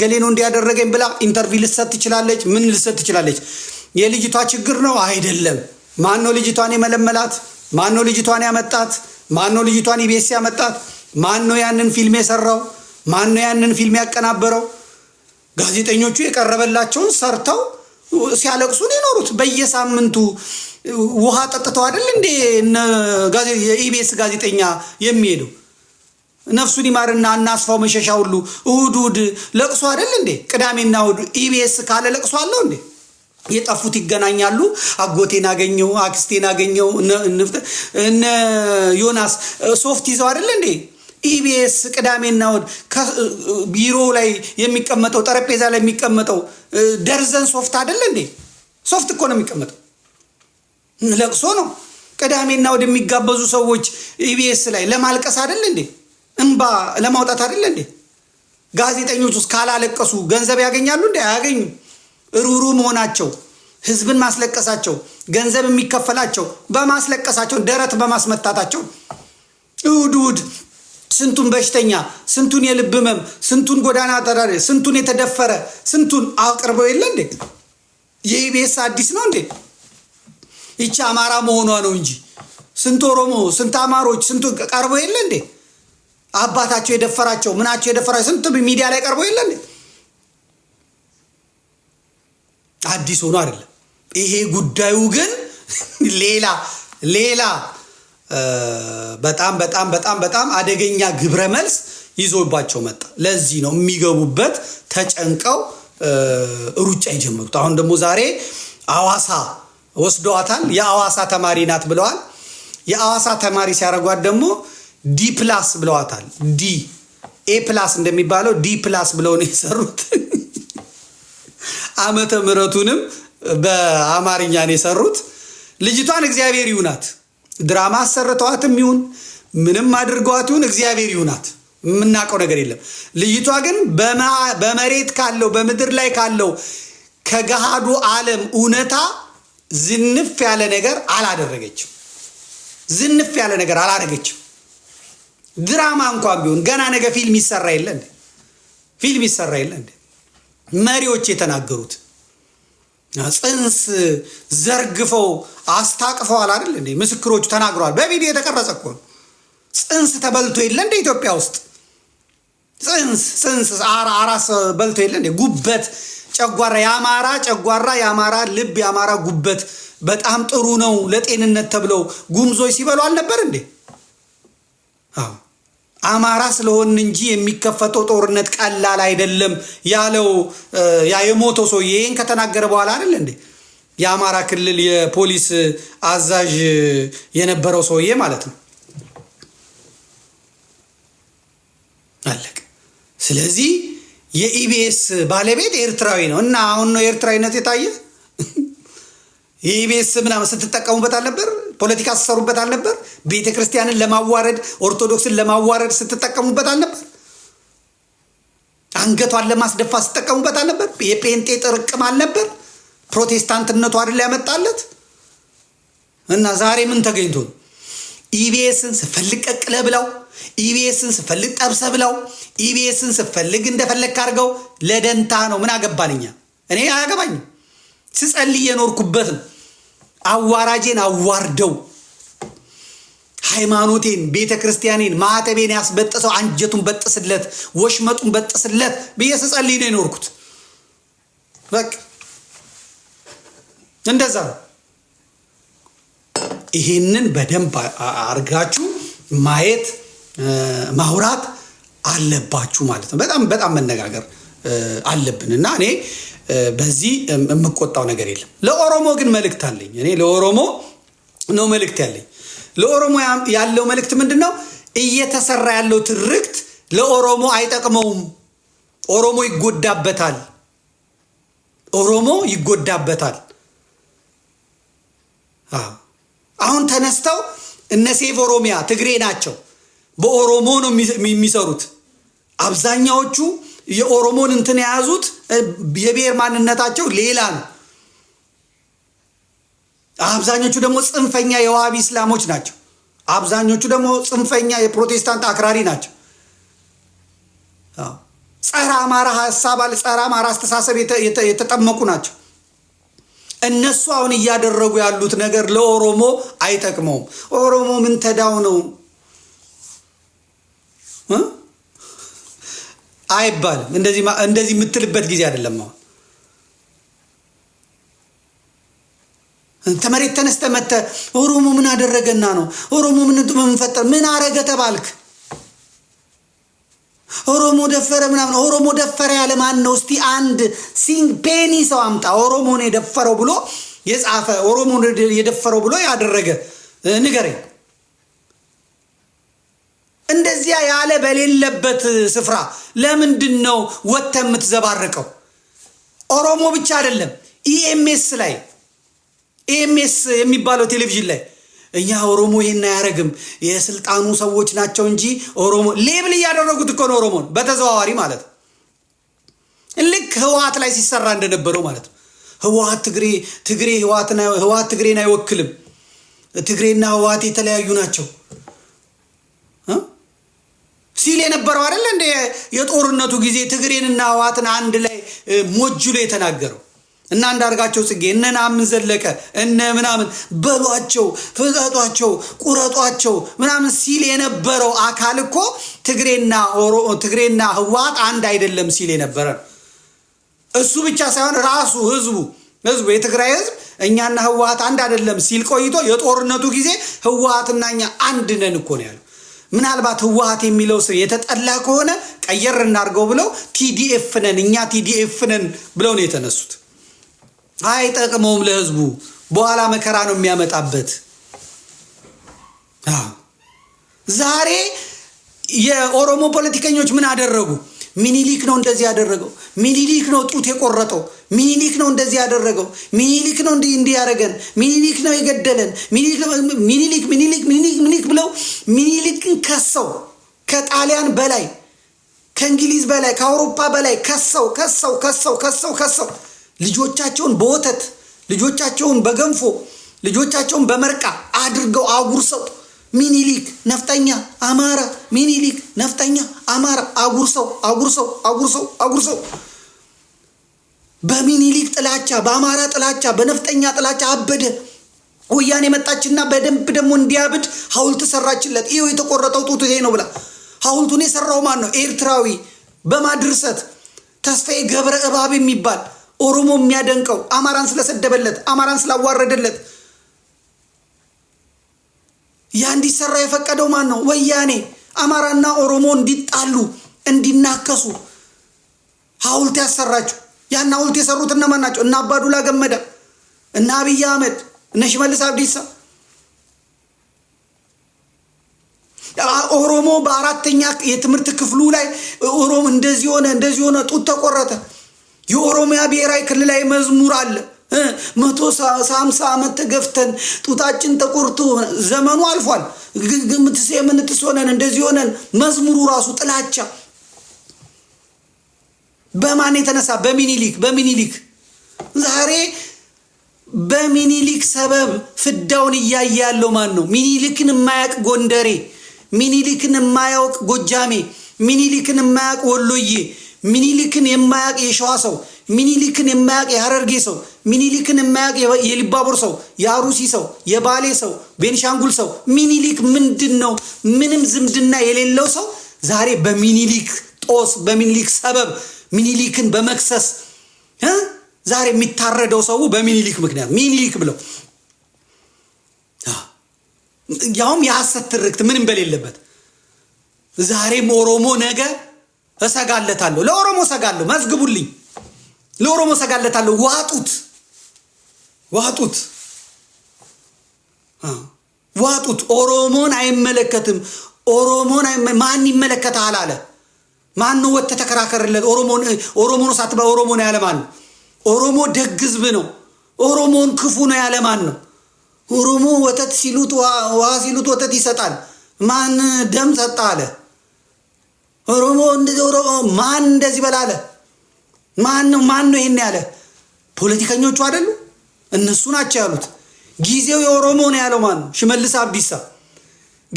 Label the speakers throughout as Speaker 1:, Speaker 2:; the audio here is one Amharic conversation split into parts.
Speaker 1: ገሌ ነው እንዲያደረገኝ ብላ ኢንተርቪው ልሰጥ ትችላለች። ምን ልሰጥ ትችላለች? የልጅቷ ችግር ነው አይደለም። ማነው ልጅቷን የመለመላት? ማነው ልጅቷን ያመጣት? ማነው ልጅቷን ኢቢኤስ ያመጣት? ማነው ያንን ፊልም የሰራው? ማነው ያንን ፊልም ያቀናበረው? ጋዜጠኞቹ የቀረበላቸውን ሰርተው ሲያለቅሱ ነው የኖሩት። በየሳምንቱ ውሃ ጠጥተው አይደል እንዴ ኢቤስ ጋዜጠኛ የሚሄደው? ነፍሱን ይማርና እናስፋው መሸሻ ሁሉ እሁድ እሁድ ለቅሶ አይደል እንዴ? ቅዳሜና እሁድ ኢቢኤስ ካለ ለቅሶ አለው እንዴ? የጠፉት ይገናኛሉ። አጎቴን አገኘው፣ አክስቴን አገኘው፣ እነ ዮናስ ሶፍት ይዘው አይደል እንዴ? ኢቢኤስ ቅዳሜና እሁድ ቢሮ ላይ የሚቀመጠው ጠረጴዛ ላይ የሚቀመጠው ደርዘን ሶፍት አይደል እንዴ? ሶፍት እኮ ነው የሚቀመጠው። ለቅሶ ነው። ቅዳሜና እሁድ የሚጋበዙ ሰዎች ኢቢኤስ ላይ ለማልቀስ አይደል እንዴ? እንባ ለማውጣት አይደለ እንዴ? ጋዜጠኞች ውስጥ ካላለቀሱ ገንዘብ ያገኛሉ እንዴ? አያገኙም። ሩሩ መሆናቸው፣ ህዝብን ማስለቀሳቸው፣ ገንዘብ የሚከፈላቸው በማስለቀሳቸው፣ ደረት በማስመታታቸው እውድ ስንቱን በሽተኛ፣ ስንቱን የልብ ህመም፣ ስንቱን ጎዳና ተዳዳሪ፣ ስንቱን የተደፈረ፣ ስንቱን አቅርበው የለ እንዴ? የኢቢኤስ አዲስ ነው እንዴ? ይቺ አማራ መሆኗ ነው እንጂ ስንት ኦሮሞ፣ ስንት አማሮች፣ ስንቱ ቀርበው የለ እንዴ? አባታቸው የደፈራቸው ምናቸው የደፈራቸው ስንት ሚዲያ ላይ ቀርቦ የለን አዲስ ሆኖ አይደለም። ይሄ ጉዳዩ ግን ሌላ ሌላ በጣም በጣም በጣም በጣም አደገኛ ግብረ መልስ ይዞባቸው መጣ። ለዚህ ነው የሚገቡበት ተጨንቀው ሩጫ የጀመሩት። አሁን ደግሞ ዛሬ አዋሳ ወስደዋታል። የአዋሳ ተማሪ ናት ብለዋል። የአዋሳ ተማሪ ሲያደርጓት ደግሞ ዲ ፕላስ ብለዋታል። ዲ ኤ ፕላስ እንደሚባለው ዲ ፕላስ ብለው ነው የሰሩት። አመተ ምረቱንም በአማርኛ ነው የሰሩት። ልጅቷን እግዚአብሔር ይሁናት። ድራማ አሰርተዋትም ይሁን ምንም አድርገዋት ይሁን እግዚአብሔር ይሁናት። የምናውቀው ነገር የለም። ልጅቷ ግን በመሬት ካለው በምድር ላይ ካለው ከገሃዱ ዓለም እውነታ ዝንፍ ያለ ነገር አላደረገችም። ዝንፍ ያለ ነገር አላደረገችም። ድራማ እንኳን ቢሆን ገና ነገ ፊልም ይሰራ የለ እንዴ? ፊልም ይሰራ የለ እንዴ? መሪዎች የተናገሩት ጽንስ ዘርግፈው አስታቅፈዋል አይደል እንዴ? ምስክሮቹ ተናግረዋል። በቪዲዮ የተቀረጸ እኮ ነው። ጽንስ ተበልቶ የለ እንደ ኢትዮጵያ ውስጥ ጽንስ ጽንስ አራስ በልቶ የለ እንዴ? ጉበት ጨጓራ የአማራ ጨጓራ የአማራ ልብ የአማራ ጉበት በጣም ጥሩ ነው ለጤንነት ተብለው ጉምዞች ሲበሉ አልነበር እንዴ? አዎ አማራ ስለሆን እንጂ የሚከፈተው ጦርነት ቀላል አይደለም ያለው ያ የሞተው ሰውዬ ይህን ከተናገረ በኋላ አይደል እንዴ የአማራ ክልል የፖሊስ አዛዥ የነበረው ሰውዬ ማለት ነው። አለቅ። ስለዚህ የኢቢኤስ ባለቤት ኤርትራዊ ነው እና አሁን ነው ኤርትራዊነት የታየ የኢቢኤስ ምናምን ስትጠቀሙበት አልነበር ፖለቲካ ስትሰሩበት አልነበር? ቤተ ክርስቲያንን ለማዋረድ ኦርቶዶክስን ለማዋረድ ስትጠቀሙበት አልነበር? አንገቷን ለማስደፋ ስትጠቀሙበት አልነበር? የጴንጤ ጥርቅም አልነበር? ፕሮቴስታንትነቱ አይደል ያመጣለት እና ዛሬ ምን ተገኝቶ ኢቢኤስን ስፈልግ ቀቅለ ብለው ኢቢኤስን ስፈልግ ጠብሰ ብለው ኢቢኤስን ስፈልግ እንደፈለግ አድርገው ለደንታ ነው። ምን አገባንኛ? እኔ አያገባኝም። ስጸልይ የኖርኩበት ነው። አዋራጄን አዋርደው ሃይማኖቴን፣ ቤተ ክርስቲያኔን፣ ማዕተቤን ያስበጠሰው አንጀቱን በጥስለት፣ ወሽመጡን በጥስለት ብዬ ስጸልይ ነው የኖርኩት። በቃ እንደዛ ነው። ይሄንን በደንብ አርጋችሁ ማየት ማውራት አለባችሁ ማለት ነው። በጣም በጣም መነጋገር አለብን እና እኔ በዚህ የምቆጣው ነገር የለም። ለኦሮሞ ግን መልእክት አለኝ። እኔ ለኦሮሞ ነው መልእክት ያለኝ። ለኦሮሞ ያለው መልእክት ምንድን ነው? እየተሰራ ያለው ትርክት ለኦሮሞ አይጠቅመውም። ኦሮሞ ይጎዳበታል። ኦሮሞ ይጎዳበታል። አሁን ተነስተው እነ ሴቭ ኦሮሚያ ትግሬ ናቸው። በኦሮሞ ነው የሚሰሩት አብዛኛዎቹ የኦሮሞን እንትን የያዙት የብሔር ማንነታቸው ሌላ ነው። አብዛኞቹ ደግሞ ጽንፈኛ የዋቢ እስላሞች ናቸው። አብዛኞቹ ደግሞ ጽንፈኛ የፕሮቴስታንት አክራሪ ናቸው። ጸረ አማራ ሀሳብ አለ፣ ጸረ አማራ አስተሳሰብ የተጠመቁ ናቸው። እነሱ አሁን እያደረጉ ያሉት ነገር ለኦሮሞ አይጠቅመውም። ኦሮሞ ምን ተዳው ነው አይባልም። እንደዚህ እንደዚህ የምትልበት ጊዜ አይደለም። አሁን ተመሬት ተነስተ መተ ኦሮሞ ምን አደረገና ነው ኦሮሞ ምን ምንፈጠር ምን አረገ ተባልክ? ኦሮሞ ደፈረ ምናምን ኦሮሞ ደፈረ ያለ ማን ነው? እስቲ አንድ ፔኒ ሰው አምጣ። ኦሮሞን የደፈረው ብሎ የጻፈ ኦሮሞን የደፈረው ብሎ ያደረገ ንገረኝ። እንደዚያ ያለ በሌለበት ስፍራ ለምንድን ነው ወጥተ የምትዘባረቀው? ኦሮሞ ብቻ አይደለም፣ ኢኤምኤስ ላይ ኢኤምኤስ የሚባለው ቴሌቪዥን ላይ እኛ ኦሮሞ ይሄን አያደርግም የስልጣኑ ሰዎች ናቸው እንጂ ኦሮሞ ሌብል እያደረጉት እኮ ነው ኦሮሞን በተዘዋዋሪ ማለት ልክ ህወሀት ላይ ሲሰራ እንደነበረው ማለት ነው። ህወሀት ትግሬ ትግሬ ህወሀት ትግሬን አይወክልም፣ ትግሬና ህወሀት የተለያዩ ናቸው። ሲል የነበረው አይደለ እንደ የጦርነቱ ጊዜ ትግሬንና ህወሓትን አንድ ላይ ላይ የተናገረው እና አንዳርጋቸው ጽጌ እነ ናምን ዘለቀ እነ ምናምን በሏቸው፣ ፍጠጧቸው፣ ቁረጧቸው ምናምን ሲል የነበረው አካል እኮ ትግሬና ትግሬና ህወሓት አንድ አይደለም ሲል የነበረ ነው። እሱ ብቻ ሳይሆን ራሱ ህዝቡ ህዝቡ የትግራይ ህዝብ እኛና ህወሓት አንድ አይደለም ሲል ቆይቶ የጦርነቱ ጊዜ ህወሓትና እኛ አንድ ነን እኮ ነው ያለው። ምናልባት ህወሀት የሚለው ስም የተጠላ ከሆነ ቀየር እናድርገው ብለው ቲዲኤፍ ነን እኛ ቲዲኤፍ ነን ብለው ነው የተነሱት። አይጠቅመውም ለህዝቡ፣ በኋላ መከራ ነው የሚያመጣበት። ዛሬ የኦሮሞ ፖለቲከኞች ምን አደረጉ? ሚኒሊክ ነው እንደዚህ ያደረገው፣ ሚኒሊክ ነው ጡት የቆረጠው ሚኒሊክ ነው እንደዚህ ያደረገው፣ ሚኒሊክ ነው እንዲህ እንዲህ ያደረገን፣ ሚኒሊክ ነው የገደለን፣ ሚኒሊክ ሚኒሊክ ሚኒሊክ ብለው ሚኒሊክን ከሰው ከጣሊያን በላይ ከእንግሊዝ በላይ ከአውሮፓ በላይ ከሰው ከሰው ከሰው ከሰው ከሰው ልጆቻቸውን በወተት ልጆቻቸውን በገንፎ ልጆቻቸውን በመርቃ አድርገው አጉርሰው ሚኒሊክ ነፍጠኛ አማራ ሚኒሊክ ነፍጠኛ አማራ አጉርሰው አጉርሰው አጉርሰው አጉርሰው በሚኒሊክ ጥላቻ፣ በአማራ ጥላቻ፣ በነፍጠኛ ጥላቻ አበደ። ወያኔ የመጣችና በደንብ ደግሞ እንዲያብድ ሐውልት ሰራችለት። ይኸው የተቆረጠው ጡት ይሄ ነው ብላ ሐውልቱን የሰራው ማን ነው? ኤርትራዊ በማድርሰት ተስፋዬ ገብረ እባብ የሚባል ኦሮሞ የሚያደንቀው አማራን ስለሰደበለት አማራን ስላዋረደለት ያ እንዲሰራ የፈቀደው ማን ነው? ወያኔ አማራና ኦሮሞ እንዲጣሉ እንዲናከሱ ሐውልት ያሰራችሁ ያን ሐውልት የሰሩት እነማን ናቸው? እነ አባዱላ ገመዳ፣ እነ አብይ አህመድ፣ እነ ሽመልስ አብዲሳ። ኦሮሞ በአራተኛ የትምህርት ክፍሉ ላይ ኦሮሞ እንደዚህ ሆነ እንደዚህ ሆነ ጡት ተቆረጠ። የኦሮሚያ ብሔራዊ ክልላዊ መዝሙር አለ። መቶ ሳምሳ ዓመት ተገፍተን ጡታችን ተቆርቶ ዘመኑ አልፏል። ግምትስ የምንጥስ ሆነን እንደዚህ ሆነን መዝሙሩ ራሱ ጥላቻ በማን የተነሳ? በሚኒሊክ በሚኒሊክ ዛሬ በሚኒሊክ ሰበብ ፍዳውን እያየ ያለው ማን ነው? ሚኒሊክን የማያውቅ ጎንደሬ፣ ሚኒሊክን የማያውቅ ጎጃሜ፣ ሚኒሊክን የማያውቅ ወሎዬ፣ ሚኒሊክን የማያውቅ የሸዋ ሰው፣ ሚኒሊክን የማያውቅ የሀረርጌ ሰው፣ ሚኒሊክን የማያውቅ የሊባቦር ሰው፣ የአሩሲ ሰው፣ የባሌ ሰው፣ ቤንሻንጉል ሰው፣ ሚኒሊክ ምንድን ነው? ምንም ዝምድና የሌለው ሰው ዛሬ በሚኒሊክ ጦስ፣ በሚኒሊክ ሰበብ ሚኒሊክን በመክሰስ ዛሬ የሚታረደው ሰው በሚኒሊክ ምክንያት ሚኒሊክ ብለው ያውም የሐሰት ትርክት ምንም በሌለበት ዛሬም ኦሮሞ ነገ እሰጋለታለሁ። ለኦሮሞ እሰጋለሁ። መዝግቡልኝ። ለኦሮሞ እሰጋለታለሁ። ዋጡት፣ ዋጡት፣ ዋጡት። ኦሮሞን አይመለከትም። ኦሮሞን ማን ይመለከታል አለ። ማን ነው ወጥተህ ተከራከርለት? ኦሮሞ ነው ሳትባ ኦሮሞ ነው ያለ ማን ነው? ኦሮሞ ደግ ህዝብ ነው። ኦሮሞን ክፉ ነው ያለ ማን ነው? ኦሮሞ ወተት ሲሉት ውሃ ሲሉት ወተት ይሰጣል። ማን ደም ሰጣ አለ? ኦሮሞ ማን እንደዚህ በላለ? ማን ነው ማን ነው ይሄን ያለ? ፖለቲከኞቹ አይደሉ እነሱ ናቸው ያሉት። ጊዜው የኦሮሞ ነው ያለው ማን ነው? ሽመልስ አብዲሳ።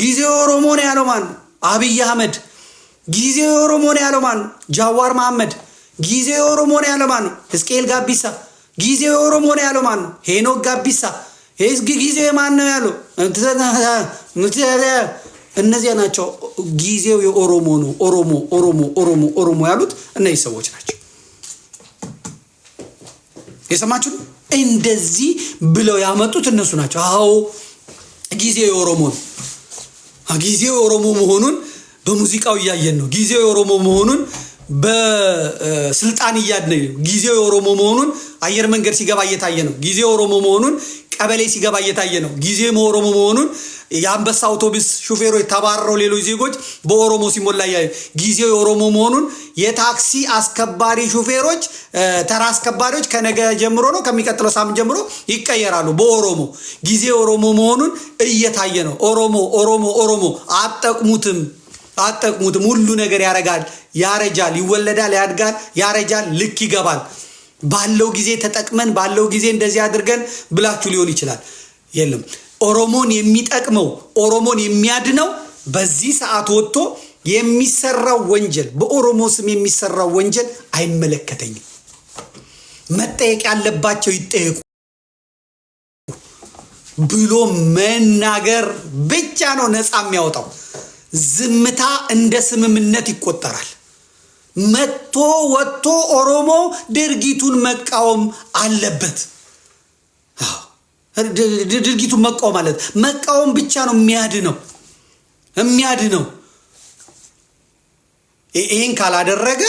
Speaker 1: ጊዜው የኦሮሞ ነው ያለው ማን ነው? አብይ አህመድ ጊዜ የኦሮሞ ነው ያለው ማን ጃዋር መሐመድ። ጊዜ የኦሮሞ ነው ያለው ማን ነው? ጋቢሳ። ጊዜ የኦሮሞ ነው ያለው ማን ነው? ሄኖክ ጋቢሳ። ጊዜው የማን ነው ያለው? እነዚያ ናቸው። ጊዜው የኦሮሞ ነው። ኦሮሞ ኦሮሞ ኦሮሞ ኦሮሞ ያሉት እነዚህ ሰዎች ናቸው። የሰማችሁ እንደዚህ ብለው ያመጡት እነሱ ናቸው። አዎ ጊዜው የኦሮሞ ነው። ጊዜው የኦሮሞ መሆኑን በሙዚቃው እያየን ነው ጊዜው የኦሮሞ መሆኑን በስልጣን እያድነ ጊዜው የኦሮሞ መሆኑን አየር መንገድ ሲገባ እየታየ ነው። ጊዜው የኦሮሞ መሆኑን ቀበሌ ሲገባ እየታየ ነው። ጊዜው ኦሮሞ መሆኑን የአንበሳ አውቶቡስ ሹፌሮች ተባረው ሌሎች ዜጎች በኦሮሞ ሲሞላ እያየ ጊዜው የኦሮሞ መሆኑን የታክሲ አስከባሪ ሹፌሮች፣ ተራ አስከባሪዎች ከነገ ጀምሮ ነው ከሚቀጥለው ሳምንት ጀምሮ ይቀየራሉ በኦሮሞ ጊዜ ኦሮሞ መሆኑን እየታየ ነው። ኦሮሞ ኦሮሞ ኦሮሞ አጠቅሙትም አጠቅሙትም። ሁሉ ነገር ያረጋል፣ ያረጃል፣ ይወለዳል፣ ያድጋል፣ ያረጃል፣ ልክ ይገባል። ባለው ጊዜ ተጠቅመን ባለው ጊዜ እንደዚህ አድርገን ብላችሁ ሊሆን ይችላል። የለም ኦሮሞን የሚጠቅመው ኦሮሞን የሚያድነው በዚህ ሰዓት ወጥቶ የሚሰራው ወንጀል በኦሮሞ ስም የሚሰራው ወንጀል አይመለከተኝም። መጠየቅ ያለባቸው ይጠየቁ ብሎ መናገር ብቻ ነው ነፃ የሚያወጣው። ዝምታ እንደ ስምምነት ይቆጠራል። መጥቶ ወጥቶ ኦሮሞ ድርጊቱን መቃወም አለበት። ድርጊቱን መቃወም አለት። መቃወም ብቻ ነው የሚያድነው ነው። ይህን ካላደረገ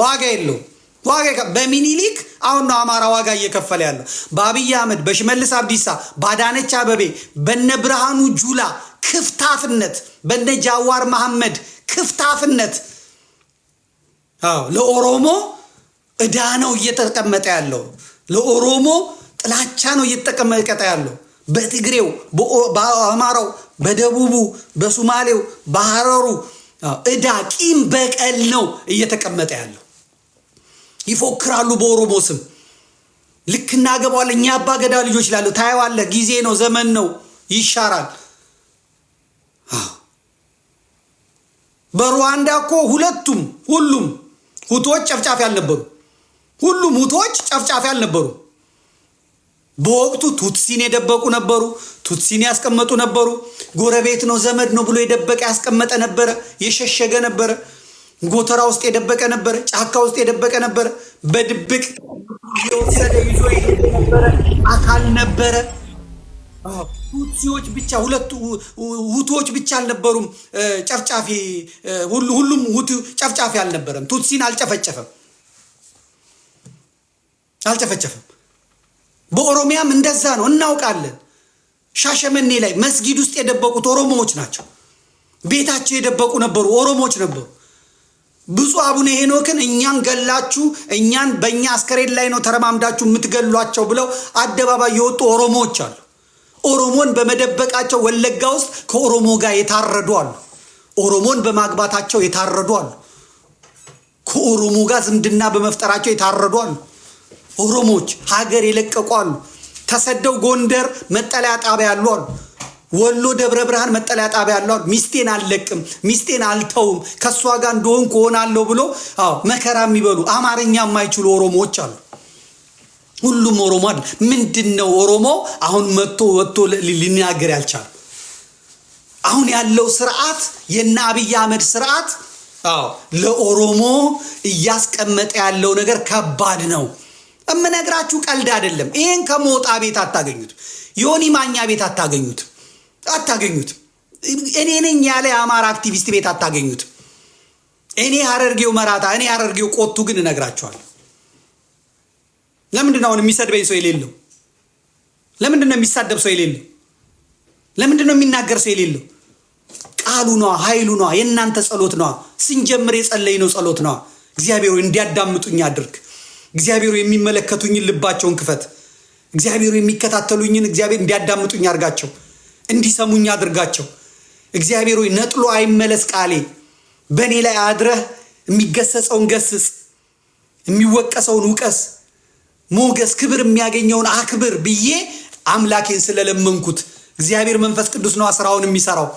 Speaker 1: ዋጋ የለው። ዋጋ በሚኒሊክ አሁን ነው አማራ ዋጋ እየከፈለ ያለው። በአብይ አህመድ፣ በሽመልስ አብዲሳ፣ በአዳነች አበቤ፣ በነ ብርሃኑ ጁላ ክፍታፍነት፣ በነ ጃዋር መሐመድ ክፍታፍነት ለኦሮሞ እዳ ነው እየተቀመጠ ያለው። ለኦሮሞ ጥላቻ ነው እየተቀመጠ ያለው። በትግሬው፣ በአማራው፣ በደቡቡ፣ በሱማሌው፣ በሐረሩ እዳ ቂም በቀል ነው እየተቀመጠ ያለው። ይፎክራሉ በኦሮሞ ስም። ልክ እናገባዋለን እኛ አባገዳ ልጆች ላሉ ታየዋለህ። ጊዜ ነው፣ ዘመን ነው፣ ይሻራል። በሩዋንዳ እኮ ሁለቱም ሁሉም ሁቶች ጨፍጫፊ አልነበሩ። ሁሉም ሁቶች ጨፍጫፊ አልነበሩ። በወቅቱ ቱትሲን የደበቁ ነበሩ። ቱትሲን ያስቀመጡ ነበሩ። ጎረቤት ነው ዘመድ ነው ብሎ የደበቀ ያስቀመጠ ነበረ፣ የሸሸገ ነበረ። ጎተራ ውስጥ የደበቀ ነበር ጫካ ውስጥ የደበቀ ነበረ፣ በድብቅ የወሰደ ይዞ ነበረ፣ አካል ነበረ። ሁቲዎች ብቻ ሁለቱ ሁቲዎች ብቻ አልነበሩም። ጨፍጫፊ ሁሉም ሁቲ ጨፍጫፊ አልነበረም። ቱትሲን አልጨፈጨፈም አልጨፈጨፈም። በኦሮሚያም እንደዛ ነው፣ እናውቃለን። ሻሸመኔ ላይ መስጊድ ውስጥ የደበቁት ኦሮሞዎች ናቸው። ቤታቸው የደበቁ ነበሩ፣ ኦሮሞዎች ነበሩ። ብፁዕ አቡነ ሄኖክን እኛን ገላችሁ እኛን በእኛ አስከሬን ላይ ነው ተረማምዳችሁ የምትገሏቸው ብለው አደባባይ የወጡ ኦሮሞዎች አሉ። ኦሮሞን በመደበቃቸው ወለጋ ውስጥ ከኦሮሞ ጋር የታረዱ አሉ። ኦሮሞን በማግባታቸው የታረዱ አሉ። ከኦሮሞ ጋር ዝምድና በመፍጠራቸው የታረዱ አሉ። ኦሮሞዎች ሀገር የለቀቁ አሉ። ተሰደው ጎንደር መጠለያ ጣቢያ ያሉ አሉ። ወሎ ደብረ ብርሃን መጠለያ ጣቢያ ያለው ሚስቴን አልለቅም፣ ሚስቴን አልተውም፣ ከእሷ ጋር እንደሆንኩ እሆናለሁ ብሎ አዎ መከራ የሚበሉ አማርኛ የማይችሉ ኦሮሞዎች አሉ። ሁሉም ኦሮሞ አለ። ምንድን ነው ኦሮሞ አሁን መጥቶ ወጥቶ ሊናገር ያልቻሉ አሁን ያለው ስርዓት የነ አብይ አህመድ ስርዓት አዎ ለኦሮሞ እያስቀመጠ ያለው ነገር ከባድ ነው። እምነግራችሁ ቀልድ አይደለም። ይሄን ከሞጣ ቤት አታገኙት፣ ዮኒ ማኛ ቤት አታገኙት። አታገኙትም። እኔ ነኝ ያለ የአማራ አክቲቪስት ቤት አታገኙትም። እኔ ሀረርጌው መራታ፣ እኔ ሀረርጌው ቆቱ ግን እነግራቸዋል። ለምንድን ነው አሁን የሚሰድበኝ ሰው የሌለው? ለምንድን ነው የሚሳደብ ሰው የሌለው? ለምንድን ነው የሚናገር ሰው የሌለው? ቃሉ ነዋ፣ ኃይሉ ነዋ፣ የእናንተ ጸሎት ነዋ። ስንጀምር የጸለይ ነው ጸሎት ነዋ። እግዚአብሔር እንዲያዳምጡኝ አድርግ። እግዚአብሔር የሚመለከቱኝን ልባቸውን ክፈት። እግዚአብሔር የሚከታተሉኝን እግዚአብሔር እንዲያዳምጡኝ አድርጋቸው። እንዲሰሙኝ አድርጋቸው። እግዚአብሔር ሆይ ነጥሎ አይመለስ ቃሌ። በእኔ ላይ አድረህ የሚገሰጸውን ገስጽ፣ የሚወቀሰውን ውቀስ፣ ሞገስ ክብር የሚያገኘውን አክብር ብዬ አምላኬን ስለለመንኩት እግዚአብሔር መንፈስ ቅዱስ ነው ስራውን የሚሰራው።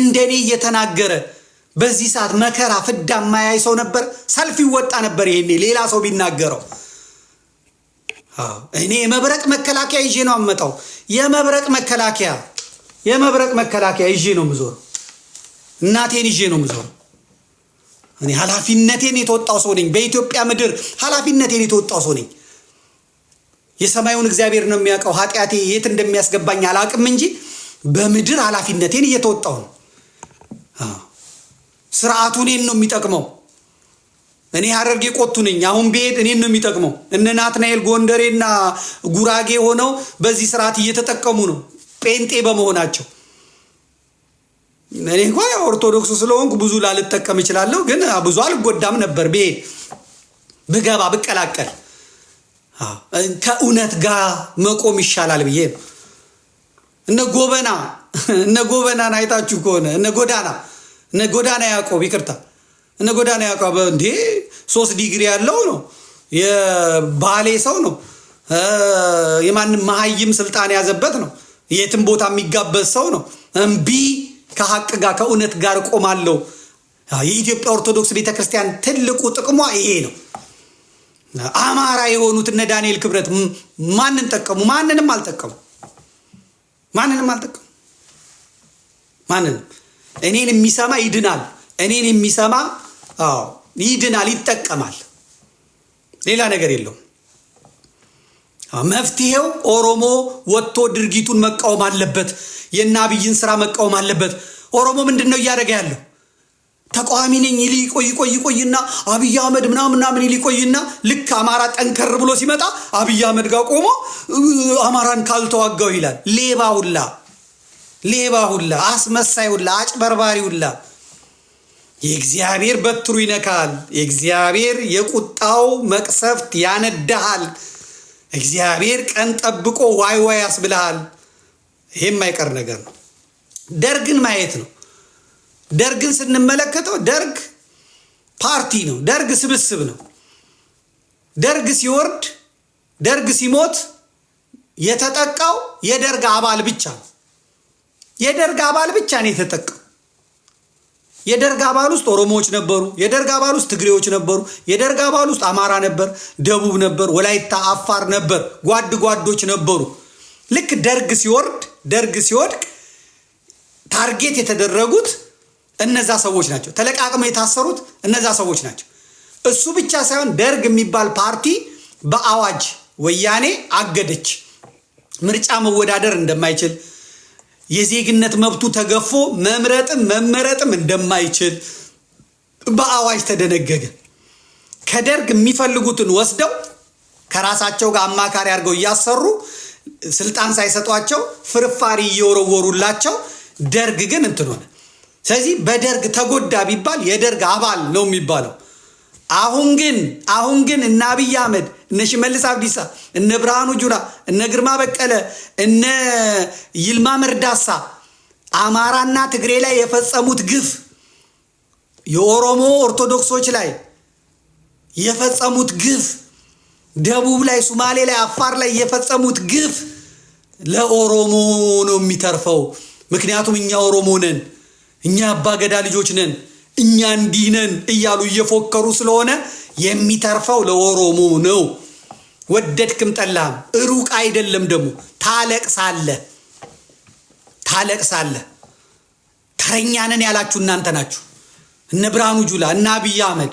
Speaker 1: እንደኔ እየተናገረ በዚህ ሰዓት መከራ ፍዳ ማያይ ሰው ነበር። ሰልፍ ይወጣ ነበር። ይሄኔ ሌላ ሰው ቢናገረው እኔ የመብረቅ መከላከያ ይዤ ነው አመጣው የመብረቅ መከላከያ የመብረቅ መከላከያ ይዤ ነው ምዞር። እናቴን ይዤ ነው ምዞር። እኔ ኃላፊነቴን የተወጣው ሰው ነኝ። በኢትዮጵያ ምድር ኃላፊነቴን የተወጣው ሰው ነኝ። የሰማዩን እግዚአብሔር ነው የሚያውቀው። ኃጢአቴ የት እንደሚያስገባኝ አላውቅም እንጂ በምድር ኃላፊነቴን እየተወጣው ነው። ስርዓቱ እኔን ነው የሚጠቅመው። እኔ ሀረርጌ ቆቱ ነኝ። አሁን ብሄድ እኔን ነው የሚጠቅመው። እነ ናትናኤል ጎንደሬና ጉራጌ ሆነው በዚህ ስርዓት እየተጠቀሙ ነው ጴንጤ በመሆናቸው። እኔ እንኳ ኦርቶዶክስ ስለሆንኩ ብዙ ላልጠቀም እችላለሁ፣ ግን ብዙ አልጎዳም ነበር ብሄድ ብገባ ብቀላቀል ከእውነት ጋር መቆም ይሻላል ብዬ ነው። እነ ጎበና እነ ጎበናን አይታችሁ ከሆነ እነ ጎዳና እነ ጎዳና ያዕቆብ ይቅርታ እነ ጎዳና ያቋበ እንዴ ሶስት ዲግሪ ያለው ነው የባሌ ሰው ነው የማንም መሀይም ስልጣን የያዘበት ነው የትም ቦታ የሚጋበዝ ሰው ነው እምቢ ከሀቅ ጋር ከእውነት ጋር ቆማለው የኢትዮጵያ ኦርቶዶክስ ቤተክርስቲያን ትልቁ ጥቅሟ ይሄ ነው አማራ የሆኑት እነ ዳንኤል ክብረት ማንን ጠቀሙ ማንንም አልጠቀሙ ማንንም አልጠቀሙ ማንንም እኔን የሚሰማ ይድናል እኔን የሚሰማ አዎ ይድናል፣ ይጠቀማል። ሌላ ነገር የለውም። መፍትሄው ኦሮሞ ወጥቶ ድርጊቱን መቃወም አለበት። የእነ አብይን ስራ መቃወም አለበት። ኦሮሞ ምንድን ነው እያደረገ ያለው? ተቃዋሚ ነኝ ይል ቆይ ቆይ ቆይና አብይ አህመድ ምናምን ምናምን ይል ቆይና ልክ አማራ ጠንከር ብሎ ሲመጣ አብይ አህመድ ጋር ቆሞ አማራን ካልተዋጋው ይላል። ሌባ ሁላ ሌባ ሁላ አስመሳይ ሁላ አጭበርባሪ ሁላ የእግዚአብሔር በትሩ ይነካል። የእግዚአብሔር የቁጣው መቅሰፍት ያነዳሃል። እግዚአብሔር ቀን ጠብቆ ዋይ ዋይ ያስብልሃል። ይሄ የማይቀር ነገር ነው። ደርግን ማየት ነው። ደርግን ስንመለከተው ደርግ ፓርቲ ነው። ደርግ ስብስብ ነው። ደርግ ሲወርድ፣ ደርግ ሲሞት የተጠቃው የደርግ አባል ብቻ ነው። የደርግ አባል ብቻ ነው የተጠቃው። የደርግ አባል ውስጥ ኦሮሞዎች ነበሩ። የደርግ አባል ውስጥ ትግሬዎች ነበሩ። የደርግ አባል ውስጥ አማራ ነበር፣ ደቡብ ነበር፣ ወላይታ፣ አፋር ነበር። ጓድ ጓዶች ነበሩ። ልክ ደርግ ሲወርድ ደርግ ሲወድቅ ታርጌት የተደረጉት እነዛ ሰዎች ናቸው። ተለቃቅመው የታሰሩት እነዛ ሰዎች ናቸው። እሱ ብቻ ሳይሆን ደርግ የሚባል ፓርቲ በአዋጅ ወያኔ አገደች። ምርጫ መወዳደር እንደማይችል የዜግነት መብቱ ተገፎ መምረጥም መመረጥም እንደማይችል በአዋጅ ተደነገገ። ከደርግ የሚፈልጉትን ወስደው ከራሳቸው ጋር አማካሪ አድርገው እያሰሩ ስልጣን ሳይሰጧቸው ፍርፋሪ እየወረወሩላቸው ደርግ ግን እንትን ሆነ። ስለዚህ በደርግ ተጎዳ ቢባል የደርግ አባል ነው የሚባለው። አሁን ግን አሁን ግን እነ አብይ አህመድ እነ ሽመልስ አብዲሳ እነ ብርሃኑ ጁላ እነ ግርማ በቀለ እነ ይልማ መርዳሳ አማራና ትግሬ ላይ የፈጸሙት ግፍ የኦሮሞ ኦርቶዶክሶች ላይ የፈጸሙት ግፍ ደቡብ ላይ፣ ሱማሌ ላይ፣ አፋር ላይ የፈጸሙት ግፍ ለኦሮሞ ነው የሚተርፈው። ምክንያቱም እኛ ኦሮሞ ነን። እኛ አባገዳ ልጆች ነን። እኛ እንዲነን እያሉ እየፎከሩ ስለሆነ የሚተርፈው ለኦሮሞ ነው። ወደድክም ጠላህም እሩቅ አይደለም። ደግሞ ታለቅሳለህ ታለቅሳለህ። ተረኛ ነን ያላችሁ እናንተ ናችሁ። እነ ብርሃኑ ጁላ እነ አብይ አህመድ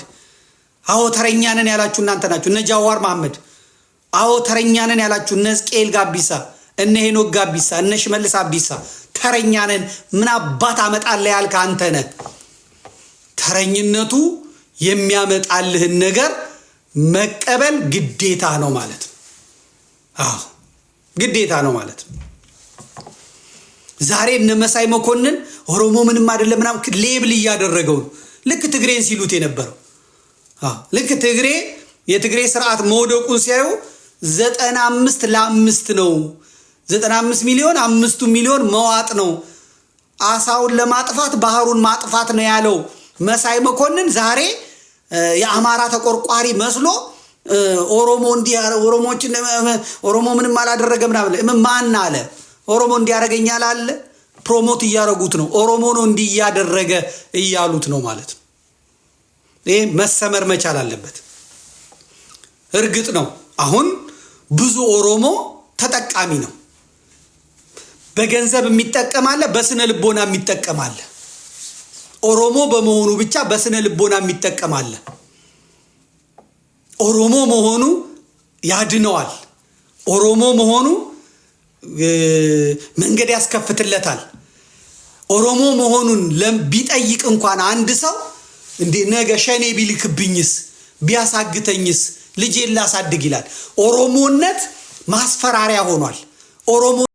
Speaker 1: አዎ ተረኛ ነን ያላችሁ እናንተ ናችሁ። እነ ጃዋር መሐመድ አዎ ተረኛ ነን ያላችሁ እነ ሕዝቅኤል ጋቢሳ እነ ሄኖክ ጋቢሳ እነ ሽመልስ አቢሳ ተረኛ ነን። ምን አባት አመጣለ ያልከ አንተ ነህ። ተረኝነቱ የሚያመጣልህን ነገር መቀበል ግዴታ ነው ማለት ነው። አዎ ግዴታ ነው ማለት ነው። ዛሬ እነ መሳይ መኮንን ኦሮሞ ምንም አይደለም ምናምን ሌብል እያደረገው ነው። ልክ ትግሬን ሲሉት የነበረው ልክ ትግሬ የትግሬ ስርዓት መውደቁን ሲያዩ ዘጠና አምስት ለአምስት ነው ዘጠና አምስት ሚሊዮን አምስቱ ሚሊዮን መዋጥ ነው። አሳውን ለማጥፋት ባህሩን ማጥፋት ነው ያለው። መሳይ መኮንን ዛሬ የአማራ ተቆርቋሪ መስሎ ኦሮሞ እንዲህ ኦሮሞ ምንም አላደረገ ምናምን ማን አለ ኦሮሞ እንዲያደረገኛል አለ ፕሮሞት እያደረጉት ነው። ኦሮሞ ነው እንዲህ እያሉት ነው ማለት ነው። ይህ መሰመር መቻል አለበት። እርግጥ ነው አሁን ብዙ ኦሮሞ ተጠቃሚ ነው። በገንዘብ የሚጠቀም አለ፣ በስነ ልቦና የሚጠቀም አለ። ኦሮሞ በመሆኑ ብቻ በስነ ልቦና የሚጠቀማለ ኦሮሞ መሆኑ ያድነዋል። ኦሮሞ መሆኑ መንገድ ያስከፍትለታል። ኦሮሞ መሆኑን ቢጠይቅ እንኳን አንድ ሰው እንደ ነገ ሸኔ ቢልክብኝስ ቢያሳግተኝስ ልጄን ላሳድግ ይላል። ኦሮሞነት ማስፈራሪያ ሆኗል። ኦሮሞ